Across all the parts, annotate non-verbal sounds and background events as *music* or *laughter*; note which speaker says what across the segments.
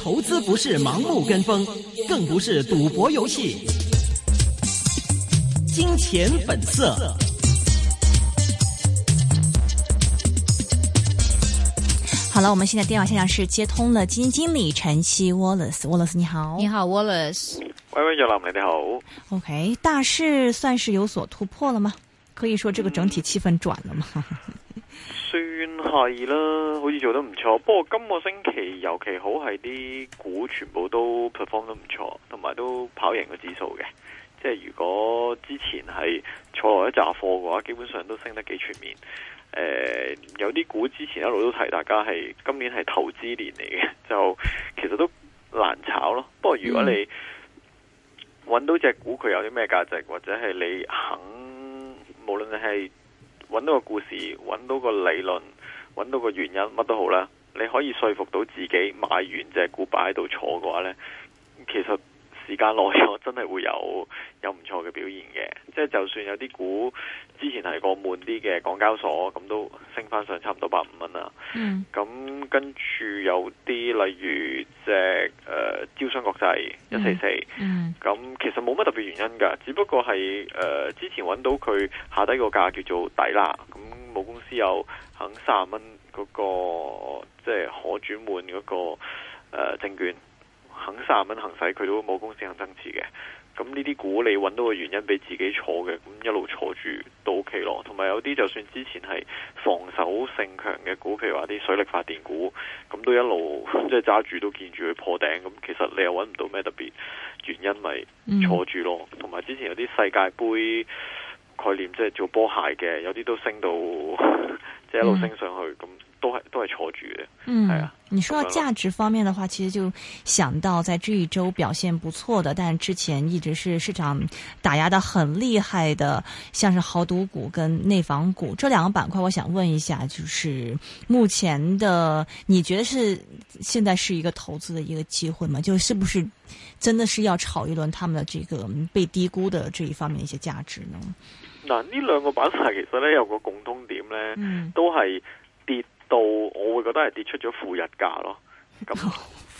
Speaker 1: 投資不是盲目跟風，更不是賭博遊戲。金錢本色。
Speaker 2: 好了，我們現在電話線上是接通了基金經理陳昕 Wallace，Wallace 你好，你好 Wallace。
Speaker 1: 喂喂，葉林你好。
Speaker 2: OK，大勢算是有所突破了嗎？可以說這個整體氣氛轉了嗎？
Speaker 1: 算、嗯係啦，好似做得唔錯。不過今個星期尤其好係，啲股全部都 perform 得唔錯，同埋都跑贏個指數嘅。即係如果之前係坐落一扎貨嘅話，基本上都升得幾全面。誒、呃，有啲股之前一路都提，大家係今年係投資年嚟嘅，就其實都難炒咯。不過如果你揾到隻股，佢有啲咩價值，或者係你肯，無論你係揾到個故事，揾到個理論。揾到個原因乜都好啦，你可以說服到自己買完隻股擺喺度坐嘅話呢，其實時間耐咗真係會有有唔錯嘅表現嘅。即係就算有啲股之前係個悶啲嘅港交所咁都升翻上差唔多百五蚊啦。嗯、mm.，咁跟住有啲例如隻誒、呃、招商國際一四四，嗯，咁其實冇乜特別原因噶，只不過係誒、呃、之前揾到佢下低個價叫做抵啦，咁母公司有。肯卅蚊嗰個即係、就是、可轉換嗰個誒、呃、證券，肯卅蚊行使佢都冇公司肯增持嘅。咁呢啲股你揾到嘅原因，俾自己坐嘅，咁一路坐住都 OK 咯。同埋有啲就算之前係防守性強嘅股，譬如話啲水力發電股，咁都一路即係揸住都見住佢破頂。咁其實你又揾唔到咩特別原因，咪坐住咯。同埋之前有啲世界盃。概念即係做波鞋嘅，有啲都升到，嗯、即係一路升上去咁。都係都係錯住
Speaker 2: 嘅，係、嗯、啊！你說到價值方面的話，其實就想到在這一周表現不錯的，但之前一直是市場打壓得很厲害的，像是豪賭股跟內房股這兩個板塊。我想問一下，就是目前的你覺得是現在是一個投資的一個機會嗎？就是不是真的是要炒一輪他們的這個被低估的這一方面一些價值呢？
Speaker 1: 嗱，呢兩個板塊其實呢有個共通點呢，嗯、都係。到我會覺得係跌出咗負日價咯。咁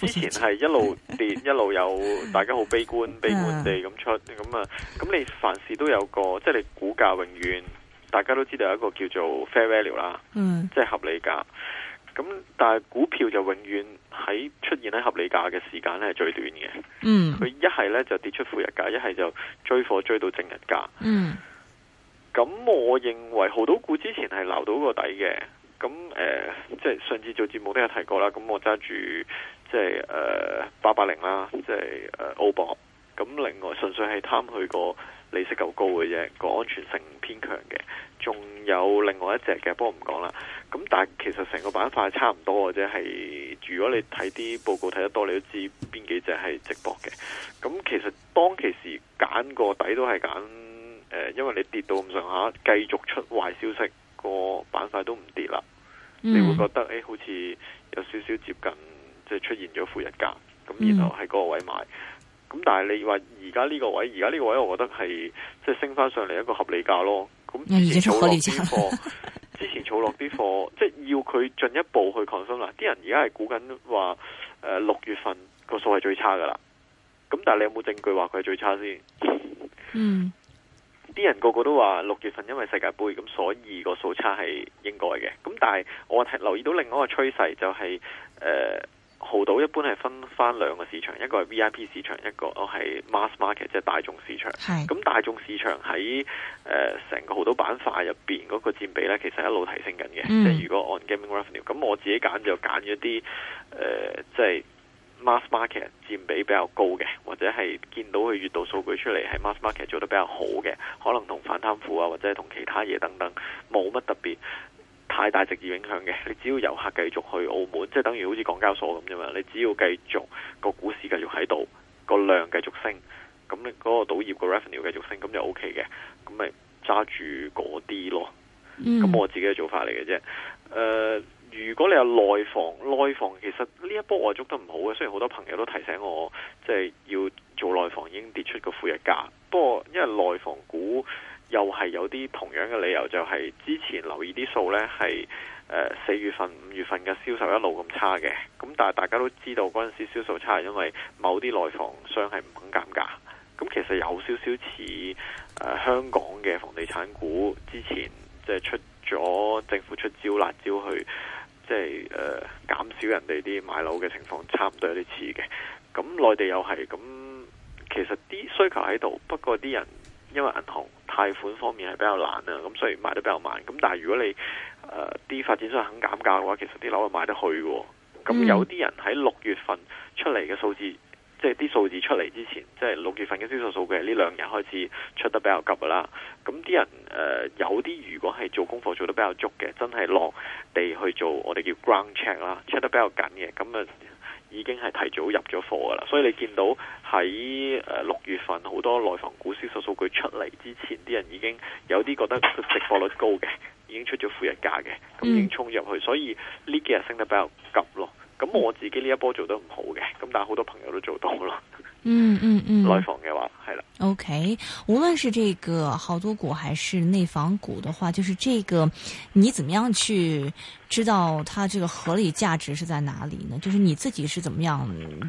Speaker 1: 之前係一路跌， *laughs* 一路有大家好悲觀， *laughs* 悲觀地咁出咁啊。咁你凡事都有個，即、就、係、是、你股價永遠大家都知道有一個叫做 fair value 啦，即、嗯就是、合理價。咁但係股票就永遠喺出現喺合理價嘅時間咧係最短嘅。嗯，佢一係咧就跌出負日價，一係就追貨追到正日價。嗯，咁我認為濠賭股之前係撈到個底嘅。咁誒，即、呃、係、就是、上次做節目都有提過啦。咁我揸住即係誒八八零啦，即係誒澳博。咁、呃就是呃、另外純粹係貪佢個利息夠高嘅啫，個安全性偏強嘅。仲有另外一隻嘅，不過唔講啦。咁但係其實成個板塊差唔多，或者係，如果你睇啲報告睇得多，你都知邊幾隻係值博嘅。咁其實當其時揀個底都係揀、呃、因為你跌到咁上下，繼續出壞消息。個板塊都唔跌啦、嗯，
Speaker 3: 你會覺得
Speaker 1: 誒、欸，好似有少少接近，即、就、係、是、出現咗負日價，咁然後喺嗰個位買，咁、嗯、但係你話而家呢個位，而家呢個位，我覺得係即係升翻上嚟，一個合理價咯。咁之前儲落啲貨，之前儲落啲貨，即 *laughs* 係、就是、要佢進一步去 consume 啦。啲人而家係估緊話，誒六月份個數係最差噶啦。咁但係你有冇證據話佢係最差先？嗯。啲人個個都話六月份因為世界盃，咁所以個數差係應該嘅。咁但係我留意到另外一個趨勢就係、是，誒、呃、豪賭一般係分翻兩個市場，一個係 VIP 市場，一個係 mass market 即係大眾市場。咁大眾市場喺成、呃、個豪賭板塊入面嗰個佔比呢，其實一路提升緊嘅、嗯。即係如果按 gaming revenue，咁我自己揀就揀咗啲誒即係。呃就是 Mass market 佔比比較高嘅，或者係見到佢月度數據出嚟係 mass market 做得比較好嘅，可能同反貪腐啊，或者係同其他嘢等等冇乜特別太大直接影響嘅。你只要遊客繼續去澳門，即係等於好似港交所咁樣嘛。你只要繼續個股市繼續喺度，個量繼續升，咁你嗰個賭業個 revenue 繼續升，咁就 OK 嘅。咁咪揸住嗰啲咯。
Speaker 3: 咁我自己
Speaker 1: 嘅做法嚟嘅啫。誒、呃。如果你有內房，內房其實呢一波我捉得唔好嘅，雖然好多朋友都提醒我，即係要做內房已經跌出個負日價。不過因為內房股又係有啲同樣嘅理由，就係之前留意啲數呢係四月份、五月份嘅銷售一路咁差嘅。咁但係大家都知道嗰陣時銷售差，係因為某啲內房商係唔肯減價。咁其實有少少似香港嘅房地產股之前即係出咗政府出招辣招去。即係誒，減、呃、少人哋啲買樓嘅情況，差唔多有啲似嘅。咁內地又係咁，其實啲需求喺度，不過啲人因為銀行貸款方面係比較難啊，咁所以賣得比較慢。咁但係如果你誒啲、呃、發展商肯減價嘅話，其實啲樓係賣得去。咁有啲人喺六月份出嚟嘅數字。嗯即係啲數字出嚟之前，即係六月份嘅銷售數據呢兩日開始出得比較急噶啦。咁啲人、呃、有啲如果係做功課做得比較足嘅，真係落地去做我哋叫 ground check 啦，check 得比較緊嘅，咁啊已經係提早入咗貨噶啦。所以你見到喺呃、六月份好多內房股銷售數據出嚟之前，啲人已經有啲覺得個直貨率高嘅，已經出咗負日價嘅，咁已經衝入去、嗯，所以呢幾日升得比較急咯。咁我自己呢一波做得唔好嘅，咁但係好多朋友都做到咯。
Speaker 2: 嗯嗯嗯，內
Speaker 1: 房嘅話係啦。
Speaker 2: OK，無論是這個好多股還是內房股的話，就是這個你怎麼樣去知道它這個合理價值是在哪裡呢？就是你自己是怎麼樣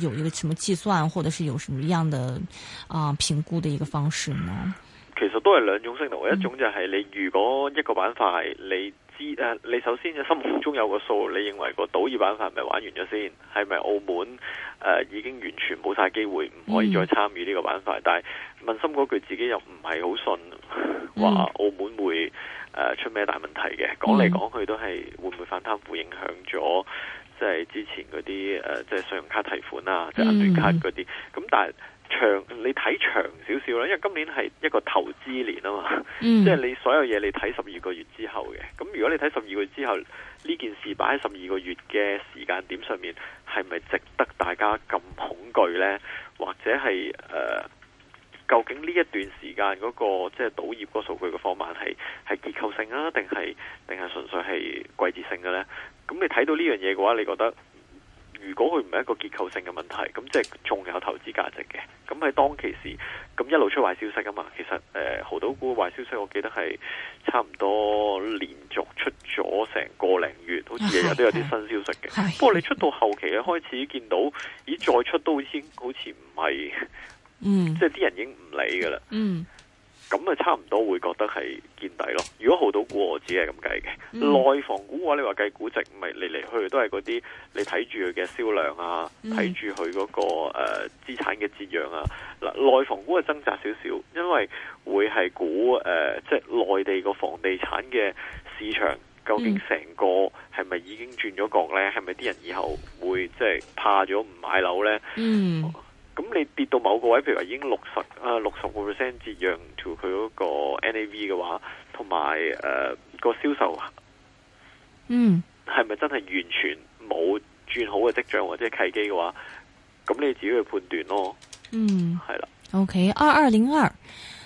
Speaker 2: 有一個什麼計算，或者是有什麼樣的啊評估的一個方式呢？
Speaker 1: 其實都係兩種思路、嗯，一種就係你如果一個板塊你。知、啊、誒，你首先嘅心目中有個數，你認為個賭業板塊咪玩完咗先？係咪澳門誒、啊、已經完全冇晒機會，唔可以再參與呢個板塊、嗯？但係問心嗰句，自己又唔係好信話、嗯、澳門會誒、啊、出咩大問題嘅？講嚟講去都係會唔會反貪腐影響咗，即、就、係、是、之前嗰啲誒，即、啊、係、就是、信用卡提款啊，即係銀聯卡嗰啲咁，但係，長你睇長少少啦，因為今年係一個投資年啊嘛，即、嗯、係、就是、你所有嘢你睇十二個月之後嘅。咁如果你睇十二個月之後呢件事擺喺十二個月嘅時間點上面，係咪值得大家咁恐懼呢？或者係誒、呃，究竟呢一段時間嗰、那個即係賭業嗰數據嘅放緩係係結構性啊，定係定係純粹係季節性嘅呢？咁你睇到呢樣嘢嘅話，你覺得？如果佢唔係一個結構性嘅問題，咁即係仲有投資價值嘅。咁喺當其時，咁一路出壞消息噶嘛。其實誒，濠賭股壞消息，我記得係差唔多連續出咗成個零月，好似日日都有啲新消息嘅。是是是是，不過你出到後期嘅開始，見到咦，再出都已經好似唔係，即係啲人已經唔理噶啦。嗯。咁咪差唔多會覺得係見底咯。如果濠賭股，我只係咁計嘅。內、嗯、房股嘅話，你話計估值咪嚟嚟去去都係嗰啲你睇住佢嘅銷量啊，睇住佢嗰個誒資、呃、產嘅折讓啊。嗱，內房股係掙扎少少，因為會係估誒，即係內地個房地產嘅市場究竟成個係咪已經轉咗角呢？係咪啲人以後會即係、就是、怕咗唔買樓呢？嗯。咁你跌到某個位，譬如話已經六十啊六十個 percent 折讓 to 佢嗰個 NAV 嘅話，同埋誒個銷售，嗯，係咪真係完全冇轉好嘅跡象或者契機嘅話，咁你自己去判斷咯。嗯，係啦。
Speaker 2: OK，二二零二。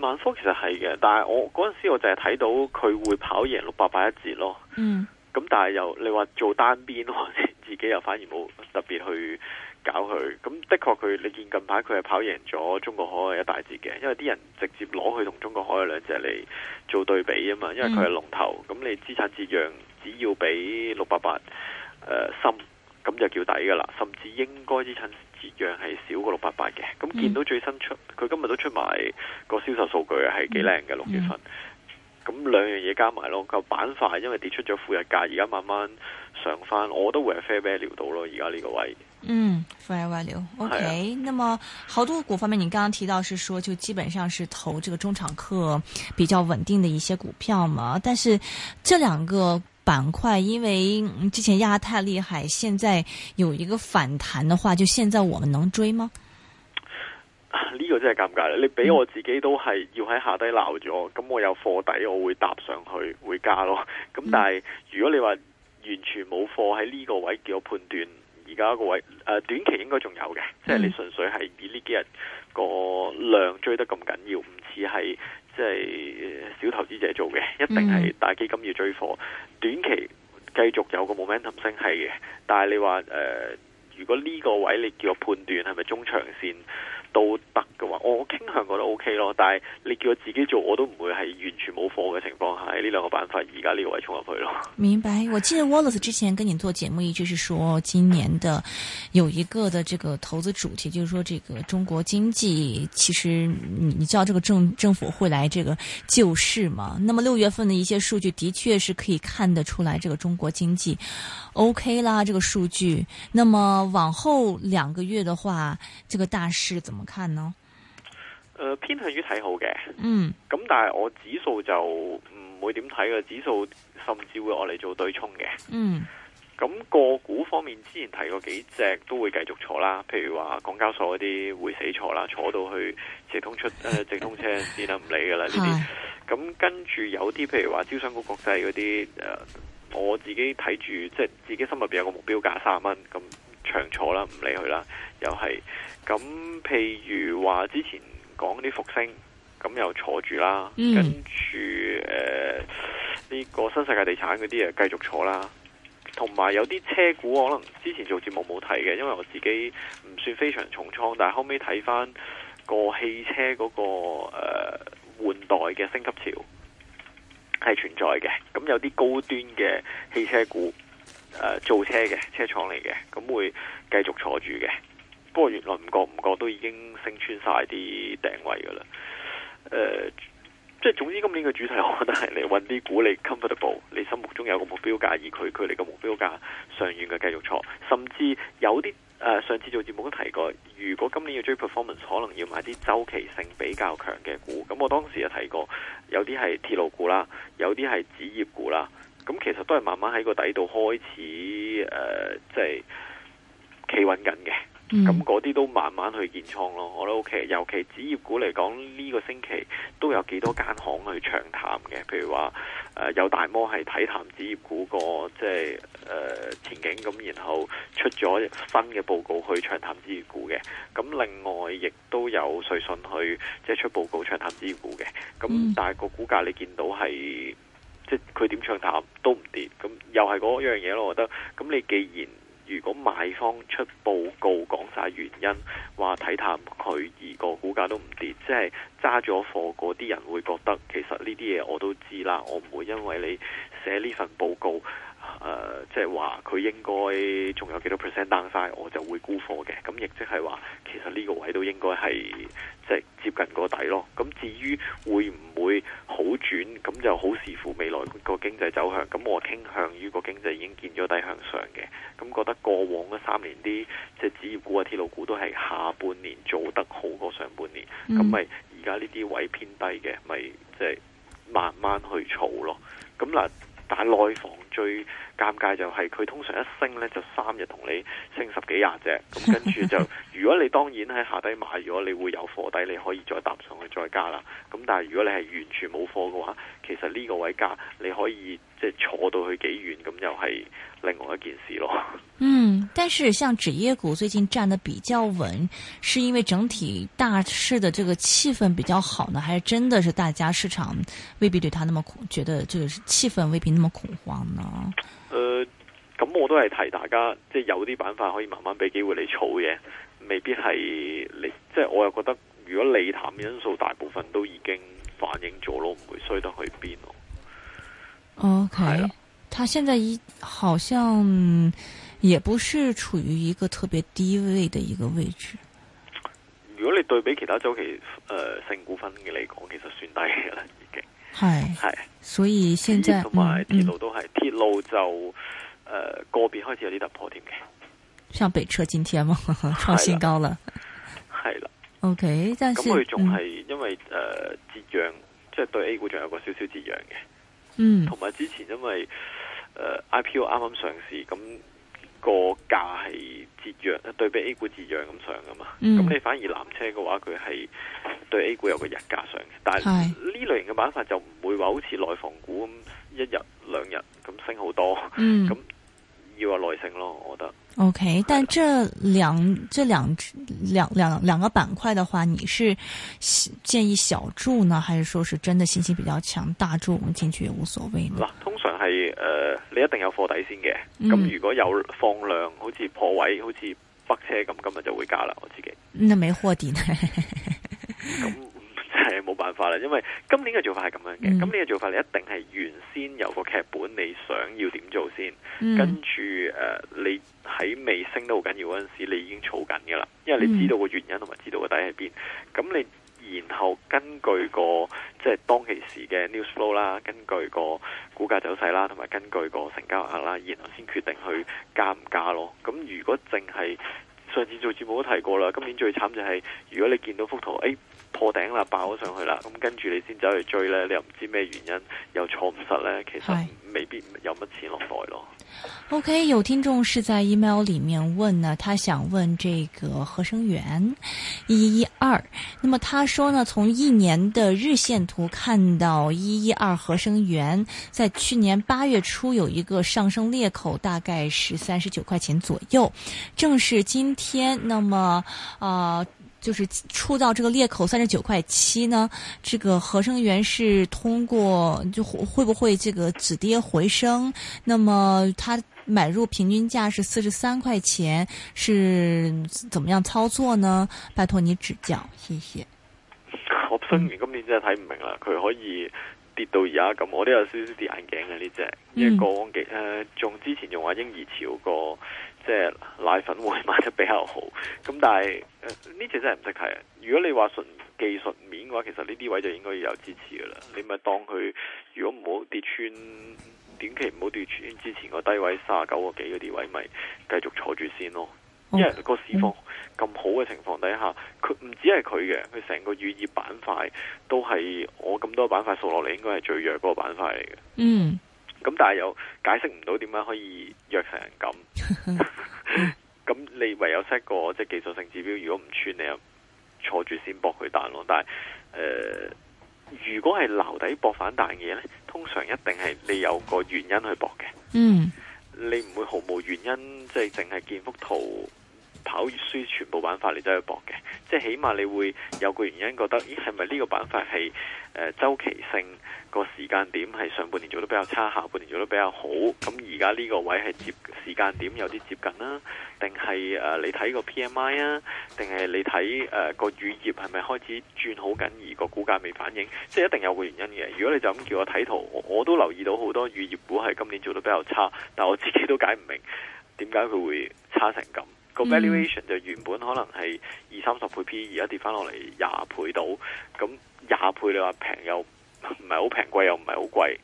Speaker 1: 萬科其實係嘅，但係我嗰陣時我就係睇到佢會跑贏六百八一截咯。嗯，咁但係又你話做單邊，我哋自己又反而冇特別去搞佢。咁的確佢，你見近排佢係跑贏咗中國海嘅一大截嘅，因為啲人直接攞佢同中國海嘅兩隻嚟做對比啊嘛，因為佢係龍頭，咁、嗯、你資產折讓只要比六百八誒深，咁就叫底噶啦，甚至應該資產。一樣係少過六八八嘅，咁見到最新出，佢、嗯、今日都出埋個銷售數據係幾靚嘅六月份。咁、嗯、兩樣嘢加埋咯，個板塊因為跌出咗負日價，而家慢慢上返，我都會係 fair value 到咯，而家呢個位
Speaker 2: 置。嗯，fair value，OK、啊。那麼好多股方面，你剛剛提到是說，就基本上是投這個中場客比較穩定的一些股票嘛，但是這兩個。板塊因為之前壓太厲害，現在有一個反彈的話，就現在我們能追嗎？
Speaker 1: 呢、這個真係尷尬啦，你俾我自己都係要喺下低鬧咗，我、嗯，咁我有貨底我會搭上去會加咯。咁但係、嗯、如果你話完全冇貨喺呢個位，叫我判斷而家個位誒、呃、短期應該仲有嘅、嗯，即係你純粹係以呢幾日個量追得咁緊要，唔似係。即係小投資者做嘅，一定係大基金要追貨。短期繼續有個 momentum 升係嘅，但係你話、呃、如果呢個位你叫我判斷係咪中長線？都得嘅話，我傾向覺得 OK 咯。但係你叫我自己做，我都唔會係完全冇貨嘅情況下，呢兩個辦法而家呢個位沖入去咯。
Speaker 2: 明白。我記得 Wallace 之前跟你做節目，一直是說今年的有一個的這個投資主題，就是說這個中國經濟，其實你你知道這個政政府會來這個救市嘛？那麼六月份的一些數據的確是可以看得出來，這個中國經濟 OK 啦，這個數據。那麼往後兩個月的話，這個大勢怎麼？咯，
Speaker 1: 誒偏向於睇好嘅，嗯，咁但係我指數就唔會點睇嘅，指數甚至會攞嚟做對沖嘅，嗯，咁、個股方面之前提過幾隻都會繼續坐啦，譬如話港交所嗰啲會死坐啦，坐到去直通出誒、 *laughs* 呃、直通車先啦，唔理噶啦呢啲，咁跟住有啲譬如話招商局國際嗰啲誒，我自己睇住即係自己心入邊有個目標價卅蚊咁。長坐啦，唔理佢啦，又係咁。譬如話之前講啲復星，咁又坐住啦，嗯，跟住誒呢個新世界地產嗰啲又繼續坐啦。同埋有啲車股我可能之前做節目冇睇嘅，因為我自己唔算非常重倉，但係後尾睇翻個汽車嗰個誒換代嘅升級潮係存在嘅。咁有啲高端嘅汽車股。呃、做車嘅車廠嚟嘅，咁會繼續坐住嘅。不過原來唔覺唔覺都已經升穿晒啲定位噶啦。誒、呃，即係總之今年嘅主題，我覺得係嚟搵啲股，你 comfortable，你心目中有個目標價，而佢距離嘅目標價上遠嘅繼續坐。甚至有啲誒、呃，上次做節目都提過，如果今年要追 performance，可能要買啲週期性比較強嘅股。咁我當時就提過，有啲係鐵路股啦，有啲係紙業股啦。咁其實都係慢慢喺個底度開始，誒、呃，即係企穩緊嘅。咁嗰啲都慢慢去建倉咯。我覺得、OK，其尤其紙業股嚟講，呢、這個星期都有幾多間行去唱淡嘅。譬如話，誒、呃、有大摩係睇淡紙業股個即係誒前景，咁然後出咗新嘅報告去唱淡紙業股嘅。咁另外，亦都有瑞信去即係、就是、出報告唱淡紙業股嘅。咁但係個股價你見到係。即係佢點唱淡都唔跌，咁又係嗰樣嘢咯。我覺得，咁你既然如果買方出報告講晒原因，話睇淡佢而個股價都唔跌，即係揸咗貨嗰啲人會覺得其實呢啲嘢我都知啦，我唔會因為你寫呢份報告。誒、呃，即係話佢應該仲有幾多 percent down 晒，我就會沽貨嘅。咁亦即係話，其實呢個位都應該係即係接近個底咯。咁至於會唔會好轉，咁就好視乎未來個經濟走向。咁我傾向於個經濟已經見咗底向上嘅。咁覺得過往嗰三年啲即係紙業股啊、鐵路股都係下半年做得好過上半年。咁咪而家呢啲位偏低嘅，咪即係慢慢去儲咯。咁嗱。那但係內房最尷尬就係佢通常一升咧，就三日同你升十。幾廿隻，咁跟住就，如果你當然喺下底買，如果你會有貨底，你可以再搭上去再加啦。咁但係如果你係完全冇貨嘅話，其實呢個位加，你可以即係坐到去幾遠，咁又係另外一件事咯。嗯，
Speaker 2: 但是像紙業股最近站得比較穩，是因為整體大市的這個氣氛比較好呢，還是真的是大家市場未必對它那麼恐覺得，就是氣氛未必那麼恐慌呢？誒、呃。
Speaker 1: 咁我都係提大家，即係有啲板塊可以慢慢俾機會你儲嘢，未必係你。即係我又覺得，如果利淡嘅因素大部分都已經反映咗咯，唔會衰得去邊咯。
Speaker 2: OK，係啦，佢現在好像也不是處於一個特別低位的一個位置。
Speaker 1: 如果你對比其他周期誒，性股份嘅嚟講，其實算低嘅啦，已經
Speaker 2: 係係。所以現在同埋鐵路
Speaker 1: 都係鐵、嗯、路就。誒、呃，個別開始有啲突破點嘅，
Speaker 2: 像北車今天嘛，創 *laughs* 新高啦，
Speaker 1: 係啦
Speaker 2: ，OK，但係咁佢仲係
Speaker 1: 因為誒折、嗯呃、讓，即係對 A 股仲有個少少折讓嘅，嗯，同埋之前因為誒、呃、IPO 啱啱上市，咁、那個價係折讓，對比 A 股折讓咁上噶嘛，咁、嗯、你反而南車嘅話，佢係對 A 股有個日價上市，但係呢類型嘅板塊就唔會話好似內房股咁一,一日兩日咁升好多，嗯、咁、嗯。要有耐性咯，我覺得。
Speaker 2: O、okay, K，但這兩、這兩、兩兩兩個板塊的話，你是建議小注呢，還是說是真的信心，心比較強，大注我們進去也無所謂呢？
Speaker 1: 嗱，通常係誒、呃，你一定有貨底先嘅。咁、嗯、如果有放量，好似破位，好似北車咁，今日就會加啦。我自己。
Speaker 2: 那沒貨底呢？ *laughs* 嗯
Speaker 1: 係冇辦法啦，因為今年嘅做法係咁樣嘅、嗯。今年嘅做法你一定係原先有個劇本，你想要點做先，嗯、跟住誒、uh, 你喺未升得好緊要嗰陣時，你已經儲緊噶啦，因為你知道個原因同埋、嗯、知道個底喺邊。咁你然後根據個即係當其時嘅 news flow 啦，根據個股價走勢啦，同埋根據個成交額啦，然後先決定去加唔加咯。咁如果淨係上次做節目都提過啦，今年最慘就係如果你見到幅圖誒。哎破頂啦，爆上去啦，咁、嗯、跟住，你先走去追呢，你又唔知咩原因又坐唔實呢，其實未必有乜錢落袋咯。
Speaker 2: OK，有聽眾是在 email 裏面問呢，他想問這個合生元一一二，112, 那麼他說呢，從一年的日線圖看到一一二合生元在去年八月初有一個上升裂口，大概是三十九塊錢左右，正是今天，那麼啊。呃就是觸到這個裂口三十九塊七呢，這個合生元是通過就會不會這個止跌回升？那麼它買入平均價是四十三塊錢，是怎麼樣操作呢？拜託你指教，謝謝。
Speaker 1: 合生元今年真係睇唔明啦，佢可以跌到而家咁，我都有少少跌眼鏡嘅呢隻，因為過往嘅誒，仲、嗯呃、之前仲話嬰兒潮過即係奶粉會賣得比較好，咁但係呢隻真係唔識睇。如果你話純技術面嘅話，其實呢啲位就應該要有支持噶啦。你咪當佢如果唔好跌穿，短期唔好跌穿之前個低位卅九個幾嗰啲位，咪繼續坐住先咯。因、oh. 為個市況咁好嘅情況底下，佢唔止係佢嘅，佢成個乳業板塊都係我咁多的板塊數落嚟，應該係最弱嗰個板塊嚟嘅。嗯、mm.。咁但係又解釋唔到點解可以約成人咁。咁你唯有 set 個即係技術性指標，如果唔穿，你又坐住先搏佢彈咯。但係誒、呃，如果係留底搏反彈嘅嘢咧，通常一定係你有個原因去搏嘅。嗯，你唔會毫無原因，即係淨係見幅圖。跑輸全部板塊，你走去搏嘅，即係起碼你會有個原因，覺得咦係咪呢個板塊係、呃、周期性個時間點係上半年做得比較差，下半年做得比較好？咁而家呢個位係接時間點有啲接近啦，定係你睇個 P M I 啊，定係、呃、你睇個、啊你呃、乳業係咪開始轉好緊，而個股價未反應？即係一定有個原因嘅。如果你就咁叫我睇圖我，我都留意到好多乳業股係今年做得比較差，但我自己都解唔明點解佢會差成咁。個、嗯、valuation 就原本可能係二三十倍 P，而家跌翻落嚟廿倍到。咁廿倍你話平又唔係好平，貴又唔係好貴，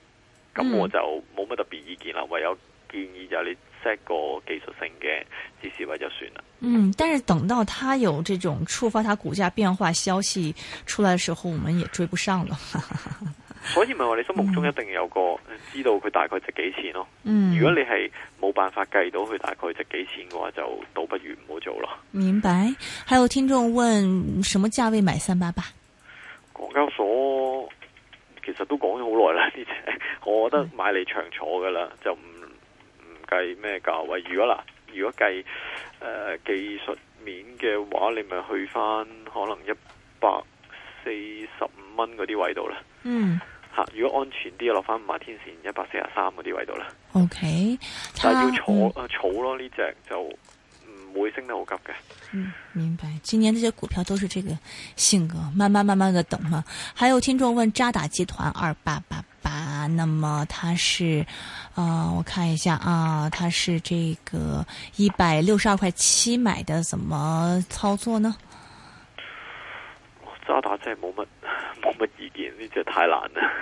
Speaker 1: 咁我就冇乜特別意見啦、嗯。唯有建議就你 set 個技術性嘅指示位就算啦。
Speaker 2: 嗯，但係等到佢有這種觸發佢股價變化消息出來嘅時候，我們也追不上了。
Speaker 1: 哈哈。所以咪話你心目中一定有個知道佢大概值幾錢咯、哦。嗯，如果你係冇辦法計到佢大概值幾錢嘅話，就倒不如唔好做咯。
Speaker 2: 明白。還有聽眾問，什麼價位買三八八？
Speaker 1: 港交所其實都講咗好耐啦，呢隻我覺得買嚟長坐噶啦，就唔唔計咩價位。如果嗱，如果計誒、呃、技術面嘅話，你咪去翻可能一百四十五蚊嗰啲位度啦。嗯。吓！如果安全啲，落翻五十天綫一百四十三嗰啲位度啦。
Speaker 2: O K，但係
Speaker 1: 要儲啊，儲咯呢隻就唔會升得好急嘅。嗯，
Speaker 2: 明白。今年呢些股票都是這個性格，慢慢慢慢嘅等嘛、啊。還有聽眾問渣打集團二八八八，那麼它是，啊、呃，我看一下啊，它、呃、是這個一百六十二塊七買的，怎麼操作呢？
Speaker 1: 渣打真係冇乜。冇乜意見，呢隻太難啦。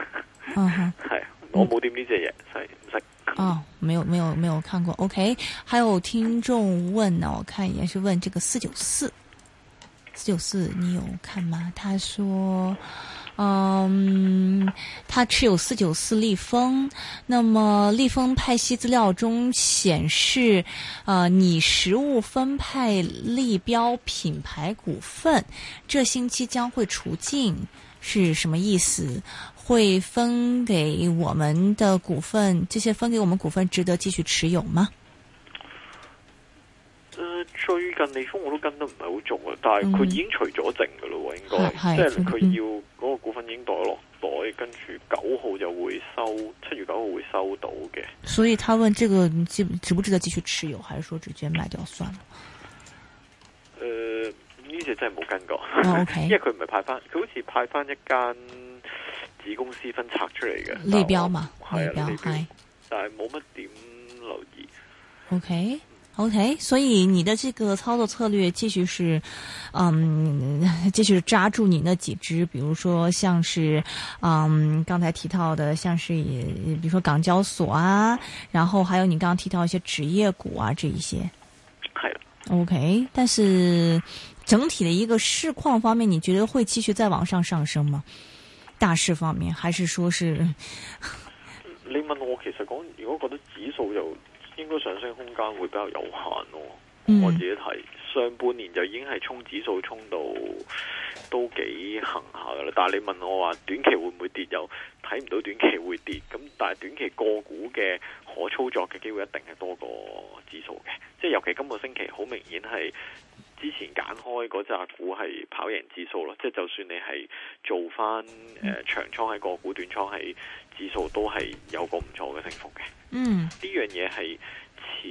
Speaker 1: 係、uh -huh. *laughs* 我冇點呢隻嘢，
Speaker 2: 真係唔識。哦、uh,，沒有沒有沒有看過。OK，還有聽眾問呢，我看一眼，是問這個四九四，四九四你有看嗎？他說，嗯，他持有四九四利豐，那麼利豐派息資料中顯示，啊、呃，擬實物分派利標品牌股份，這星期將會除淨。是什麼意思？會分給我們的股份？這些分給我們股份，值得繼續持有嗎？
Speaker 1: 呃，最近利豐我都跟得唔係好重啊，但係佢已經除咗剩噶咯、嗯，應該，即係佢要嗰個股份已經袋落袋，跟住九號就會收，七月九號會收到嘅。
Speaker 2: 所以他問這個，呢隻值不值得繼續持有，還是說直接賣掉算了？
Speaker 1: 呢隻真係冇跟過，因為佢唔係派翻，佢好似派翻一間子公司分拆出嚟嘅。立標嘛，係啊，立標但係冇乜點留意。
Speaker 2: O K O K，所以你的這個操作策略繼續是，嗯，繼續抓住你那幾隻，比如說像是，嗯，剛才提到的，像是，比如說港交所啊，然後還有你剛剛提到一些職業股啊，這一些。係。O K，但是。整體的一個市況方面，你覺得會繼續再往上上升嗎？大市方面，還是說，是？
Speaker 1: *laughs* 你問我其實講，如果覺得指數又應該上升空間會比較有限咯。哦，嗯。我自己睇上半年就已經係衝指數衝到都幾行下噶啦，但係你問我話短期會唔會跌，又睇唔到短期會跌。咁但係短期個股嘅可操作嘅機會一定係多過指數嘅，即係尤其今個星期好明顯係。之前揀開嗰扎股係跑贏指數咯，即係就算你做、呃、係做翻，誒長倉喺個股，短倉喺指數都係有個唔錯嘅升幅嘅。嗯，呢樣嘢係似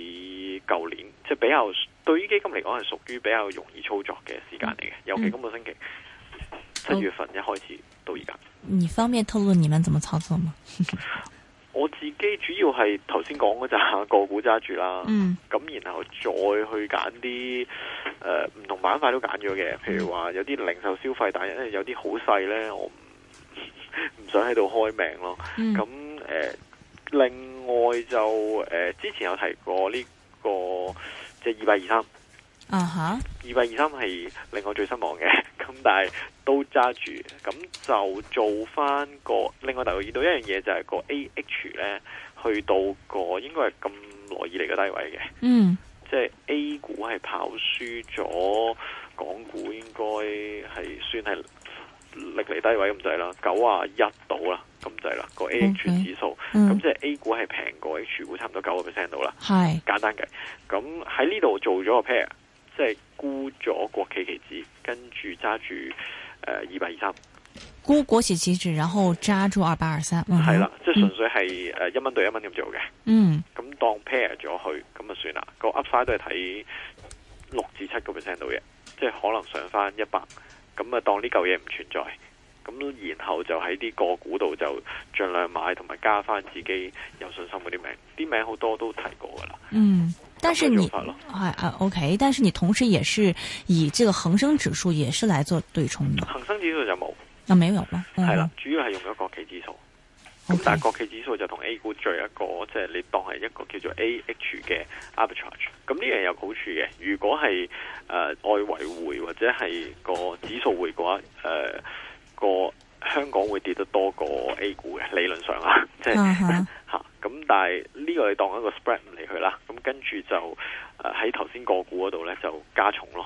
Speaker 1: 舊年，即係比較對於基金嚟講係屬於比較容易操作嘅時間嚟嘅，尤其今個星期七、嗯、月份一開始到而家、哦。
Speaker 2: 你方便透露你們怎麼操作嗎？ *laughs*
Speaker 1: 我自己主要係頭先講嗰隻個股揸住啦，咁、嗯、然後再去揀啲誒唔同板塊都揀咗嘅，譬如話有啲零售消費，但係有啲好細呢，我唔想喺度開名咯。咁、嗯、誒、呃，另外就誒、呃、之前有提過呢、這個即係二百二三。就是啊哈！二百二三係令我最失望嘅，咁但係都揸住，咁就做翻個。另外，大家見到一樣嘢就係個 A H 咧，去到個應該係咁耐以嚟嘅低位嘅。
Speaker 3: 嗯，
Speaker 1: 即係 A 股係跑輸咗港股，應該係算係歷嚟低位咁滯啦，九啊一度啦，咁滯啦個 A H 指數。嗯，咁即係 A 股係平過 H 股差唔多九個 percent 到啦。係、hey. 簡單嘅。咁喺呢度做咗個 pair。即係沽咗國企期指，跟住揸住誒二百二三
Speaker 2: 沽國企期指，然後揸住二百二三，嗯係啦，即係純
Speaker 1: 粹係誒一蚊對一蚊咁做嘅，嗯，咁當 pair 咗佢，咁啊算啦，個 upside 都係睇六至七個 percent 到嘅，即係可能上翻一百，咁啊當呢嚿嘢唔存在，咁然後就喺啲個股度就盡量買，同埋加翻自己有信心嗰啲名，啲名好多都提過噶啦，嗯、
Speaker 2: mm-hmm. .但是你，係啊，OK。但是你同時也是以這個恒生指數也是來做對沖嘅。
Speaker 1: 恒生指數就冇，
Speaker 2: 啊，沒有啦。係、嗯、啦，
Speaker 1: 主要係用咗國企指數。咁、okay. 但係國企指數就同 A 股做一個，即、就、係、是、你當係一個叫做 AH 嘅 arbitrage。咁呢樣有好處嘅。如果係誒、呃、外圍匯或者係個指數匯嘅話，誒、呃、個。香港會跌得多過 A 股嘅，理論上啦，即係吓咁。Uh -huh. *laughs* 但係呢個你當一個 spread 唔理佢啦。咁跟住就誒喺頭先個股嗰度咧就加重咯。